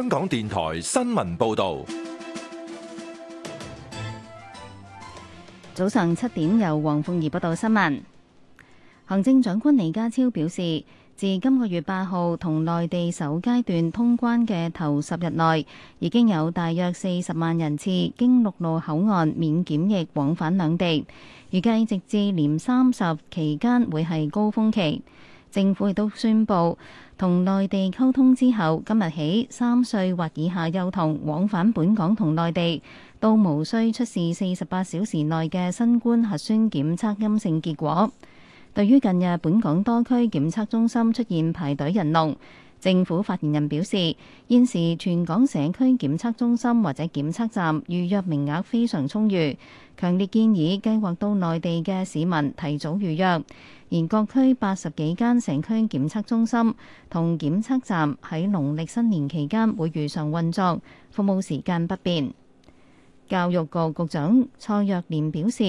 香港電台新聞報道，早上七點由黃鳳儀報道新聞。行政長官李家超表示，自今個月八號同內地首階段通關嘅頭十日內，已經有大約四十萬人次經陸路口岸免檢疫往返兩地。預計直至年三十期間會係高峰期。政府亦都宣布，同內地溝通之後，今日起三歲或以下幼童往返本港同內地，都無需出示四十八小時內嘅新冠核酸檢測陰性結果。對於近日本港多區檢測中心出現排隊人龍，政府發言人表示，現時全港社區檢測中心或者檢測站預約名額非常充裕，強烈建議計劃到內地嘅市民提早預約。連各區八十幾間社區檢測中心同檢測站喺農曆新年期間會如常運作，服務時間不變。教育局局長蔡若蓮表示，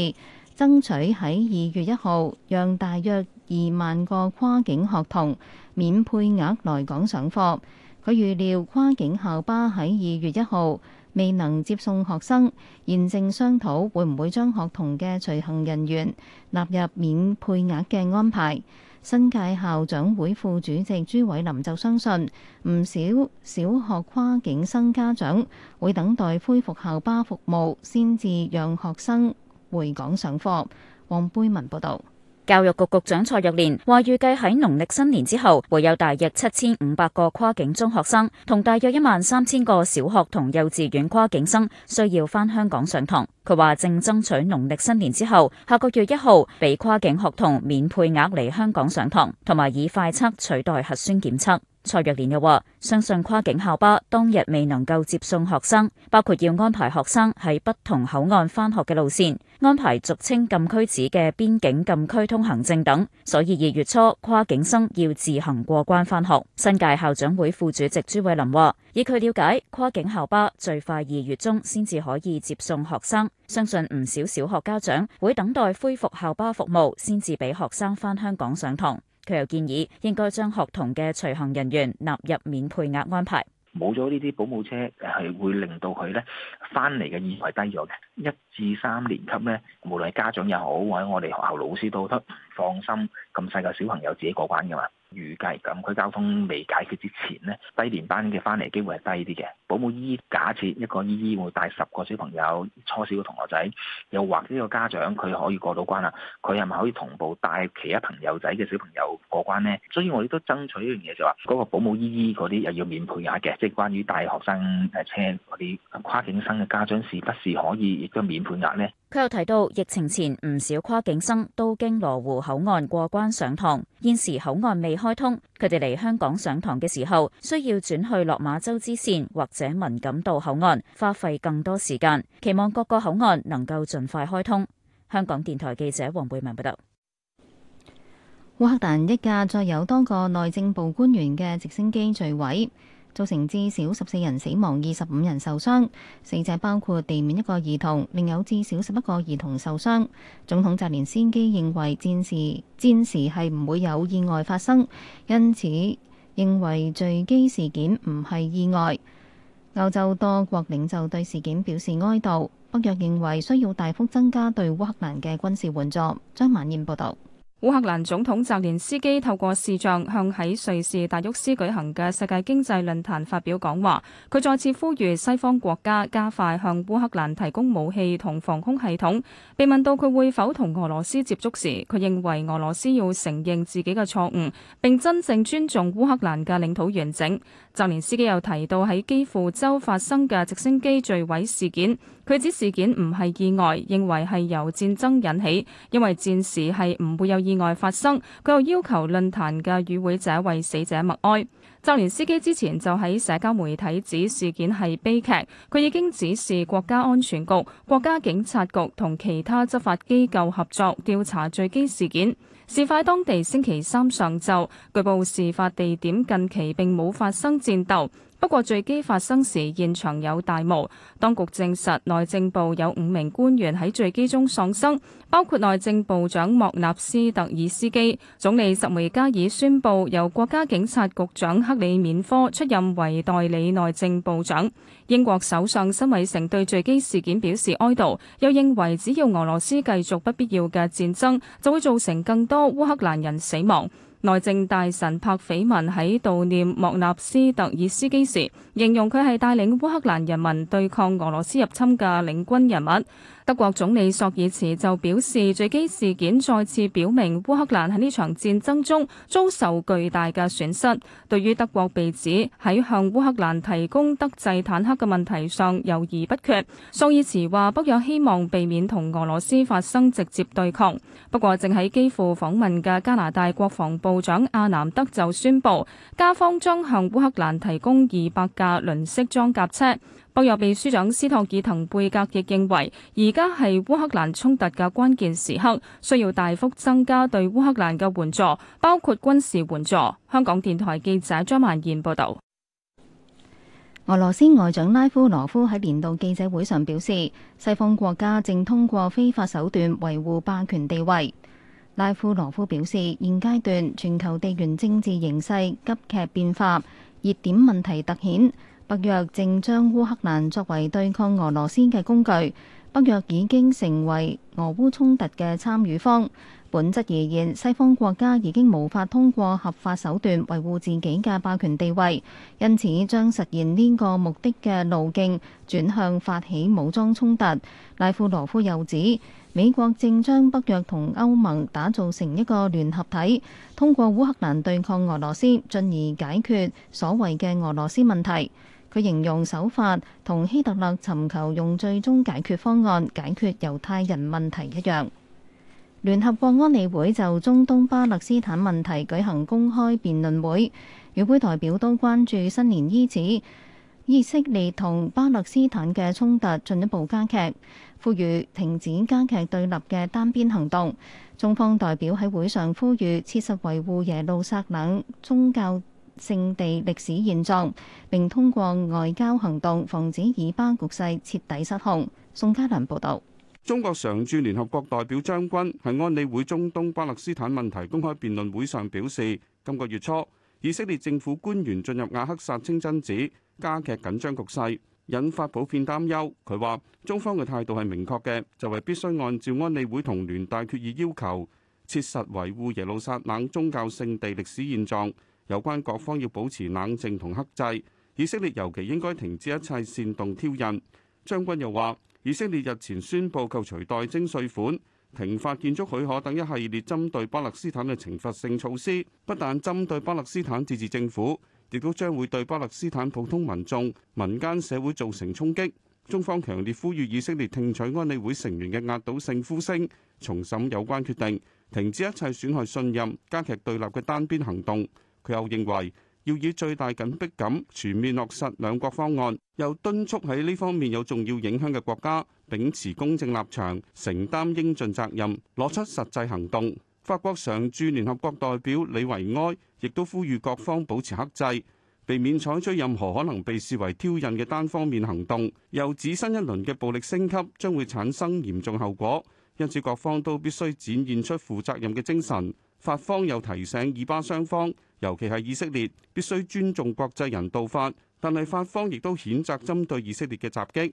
爭取喺二月一號讓大約二萬個跨境學童免配額來港上課。佢預料跨境校巴喺二月一號，未能接送學生，現正商討會唔會將學童嘅隨行人員納入免配額嘅安排。新界校長會副主席朱偉林就相信，唔少小學跨境生家長會等待恢復校巴服務，先至讓學生回港上課。黃貝文報道。教育局局長蔡若蓮話，預計喺農曆新年之後，會有大約七千五百個跨境中學生，同大約一萬三千個小學同幼稚園跨境生需要返香港上堂。佢話正爭取農曆新年之後，下個月一號俾跨境學童免配額嚟香港上堂，同埋以快測取代核酸檢測。蔡若蓮又話：相信跨境校巴當日未能夠接送學生，包括要安排學生喺不同口岸返學嘅路線，安排俗稱禁區紙嘅邊境禁區通行證等，所以二月初跨境生要自行過關返學。新界校長會副主席朱慧琳話：以佢了解，跨境校巴最快二月中先至可以接送學生，相信唔少小學家長會等待恢復校巴服務先至俾學生返香港上堂。佢又建議應該將學童嘅隨行人員納入免配額安排，冇咗呢啲保姆車係會令到佢咧翻嚟嘅意義低咗嘅，一至三年級咧，無論係家長又好，或者我哋學校老師都得。放心，咁細個小朋友自己過關噶嘛？預計咁，佢交通未解決之前咧，低年班嘅翻嚟機會係低啲嘅。保姆姨，假設一個姨姨會帶十個小朋友，初小嘅同學仔，又或者一個家長佢可以過到關啦，佢係咪可以同步帶其他朋友仔嘅小朋友過關呢？所以我哋都爭取一樣嘢就話，嗰個保姆姨姨嗰啲又要免配額嘅，即係關於大學生誒車嗰啲跨境生嘅家長是不是可以亦都免配額呢？佢又提到疫情前唔少跨境生都經羅湖。口岸過關上堂，現時口岸未開通，佢哋嚟香港上堂嘅時候需要轉去落馬洲支綫或者文錦渡口岸，花費更多時間。期望各個口岸能夠盡快開通。香港電台記者黃貝文報道：烏克蘭一架載有多個內政部官員嘅直升機墜毀。造成至少十四人死亡、二十五人受傷，死者包括地面一個兒童，另有至少十一個兒童受傷。總統澤連斯基認為戰時戰時係唔會有意外發生，因此認為墜機事件唔係意外。歐洲多國領袖對事件表示哀悼，北約認為需要大幅增加對烏克蘭嘅軍事援助。張晚燕報道。烏克蘭總統澤連斯基透過視像向喺瑞士達沃斯舉行嘅世界經濟論壇發表講話，佢再次呼籲西方國家加快向烏克蘭提供武器同防空系統。被問到佢會否同俄羅斯接觸時，佢認為俄羅斯要承認自己嘅錯誤，並真正尊重烏克蘭嘅領土完整。澤連斯基又提到喺基輔州發生嘅直升機墜毀事件。佢指事件唔係意外，認為係由戰爭引起，因為戰時係唔會有意外發生。佢又要求論壇嘅與會者為死者默哀。澤連斯基之前就喺社交媒體指事件係悲劇，佢已經指示國家安全局、國家警察局同其他執法機構合作調查墜機事件。事發當地星期三上晝，據報事發地點近期並冇發生戰鬥。不過，墜機發生時現場有大霧。當局證實內政部有五名官員喺墜機中喪生，包括內政部長莫納斯特爾斯基。總理什梅加爾宣布由國家警察局長克里免科出任為代理內政部長。英國首相辛偉誠對墜機事件表示哀悼，又認為只要俄羅斯繼續不必要嘅戰爭，就會造成更多烏克蘭人死亡。內政大臣柏斐文喺悼念莫納斯特爾斯基時，形容佢係帶領烏克蘭人民對抗俄羅斯入侵嘅領軍人物。德國總理朔爾茨就表示，墜機事件再次表明烏克蘭喺呢場戰爭中遭受巨大嘅損失。對於德國被指喺向烏克蘭提供德製坦克嘅問題上猶豫不決，朔爾茨話北約希望避免同俄羅斯發生直接對抗。不過，正喺基輔訪問嘅加拿大國防部長阿南德就宣布，加方將向烏克蘭提供二百架輪式裝甲車。北約秘書長斯托爾滕貝格亦認為，而家係烏克蘭衝突嘅關鍵時刻，需要大幅增加對烏克蘭嘅援助，包括軍事援助。香港電台記者張曼燕報道。俄羅斯外長拉夫羅夫喺年度記者會上表示，西方國家正通過非法手段維護霸權地位。拉夫羅夫表示，現階段全球地緣政治形勢急劇變化，熱點問題凸顯。北約正將烏克蘭作為對抗俄羅斯嘅工具，北約已經成為俄烏衝突嘅參與方。本質而言，西方國家已經無法通過合法手段維護自己嘅霸權地位，因此將實現呢個目的嘅路徑轉向發起武裝衝突。拉夫羅夫又指，美國正將北約同歐盟打造成一個聯合體，通過烏克蘭對抗俄羅斯，進而解決所謂嘅俄羅斯問題。佢形容手法同希特勒尋求用最終解決方案解決猶太人問題一樣。聯合國安理會就中東巴勒斯坦問題舉行公開辯論會，與會代表都關注新年伊始，以色列同巴勒斯坦嘅衝突進一步加劇，呼籲停止加劇對立嘅單邊行動。中方代表喺會上呼籲，切實維護耶路撒冷宗教聖地歷史現狀，並通過外交行動防止以巴局勢徹底失控。宋嘉良報導，中國常駐聯合國代表張軍喺安理會中東巴勒斯坦問題公開辯論會上表示，今個月初以色列政府官員進入阿克薩清真寺，加劇緊張局勢，引發普遍擔憂。佢話中方嘅態度係明確嘅，就係必須按照安理會同聯大決議要求，切實維護耶路撒冷宗教聖地歷史現狀。有關各方要保持冷靜同克制，以色列尤其應該停止一切煽動挑釁。張軍又話，以色列日前宣布扣除代徵稅款、停發建築許可等一系列針對巴勒斯坦嘅懲罰性措施，不但針對巴勒斯坦自治政府，亦都將會對巴勒斯坦普通民眾、民間社會造成衝擊。中方強烈呼籲以色列聽取安理會成員嘅壓倒性呼聲，重審有關決定，停止一切損害信任、加劇對立嘅單邊行動。佢又認為要以最大緊迫感全面落實兩國方案，又敦促喺呢方面有重要影響嘅國家秉持公正立場，承擔應盡責任，攞出實際行動。法國常駐聯合國代表李維埃亦都呼籲各方保持克制，避免採取任何可能被視為挑釁嘅單方面行動，又指新一輪嘅暴力升級將會產生嚴重後果。因此，各方都必須展現出負責任嘅精神。法方又提醒以巴雙方，尤其係以色列，必須尊重國際人道法。但係法方亦都譴責針對以色列嘅襲擊，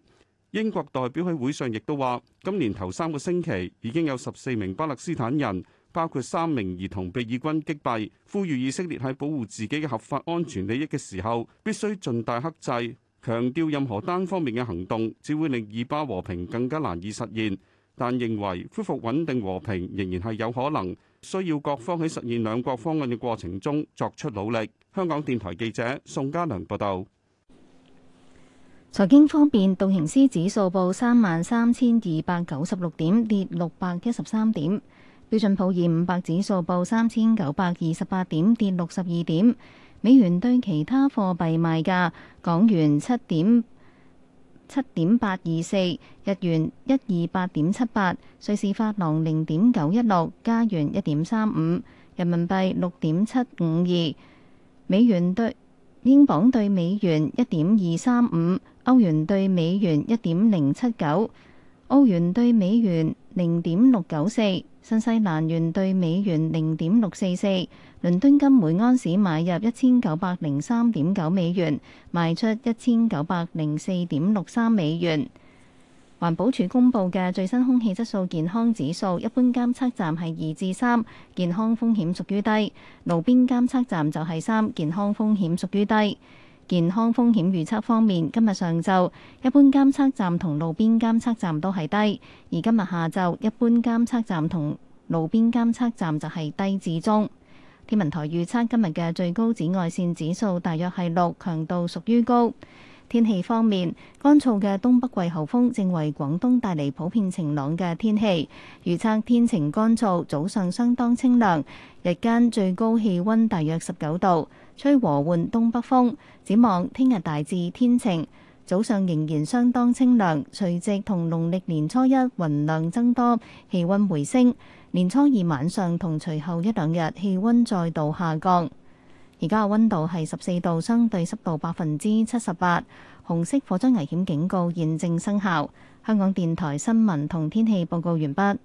英國代表喺會上亦都話今年頭三個星期已經有十四名巴勒斯坦人，包括三名兒童，被以軍擊斃，呼籲以色列喺保護自己嘅合法安全利益嘅時候，必須盡大克制，強調任何單方面嘅行動只會令以巴和平更加難以實現。但認為恢復穩定和平仍然係有可能，需要各方喺實現兩國方案嘅過程中作出努力。香港電台記者宋嘉良報道。財經方面，道瓊斯指數報三萬三千二百九十六點，跌六百一十三點；標準普爾五百指數報三千九百二十八點，跌六十二點；美元對其他貨幣賣價，港元七點。七點八二四日元，一二八點七八瑞士法郎零點九一六，加元一點三五，人民幣六點七五二，美元對英鎊對美元一點二三五，歐元對美元一點零七九，歐元對美元。零點六九四，94, 新西蘭元兌美元零點六四四，倫敦金每安士買入一千九百零三點九美元，賣出一千九百零四點六三美元。環保署公布嘅最新空氣質素健康指數，一般監測站係二至三，健康風險屬於低；路邊監測站就係三，健康風險屬於低。健康風險預測方面，今日上晝一般監測站同路邊監測站都係低，而今日下晝一般監測站同路邊監測站就係低至中。天文台預測今日嘅最高紫外線指數大約係六，強度屬於高。天氣方面，乾燥嘅東北季候風正為廣東帶嚟普遍晴朗嘅天氣，預測天晴乾燥，早上相當清涼，日間最高氣溫大約十九度。吹和緩東北風，展望聽日大致天晴，早上仍然相當清涼。除夕同農曆年初一雲量增多，氣温回升。年初二晚上同隨後一兩日氣温再度下降。而家嘅温度係十四度，相對濕度百分之七十八。紅色火災危險警告現正生效。香港電台新聞同天氣報告完畢。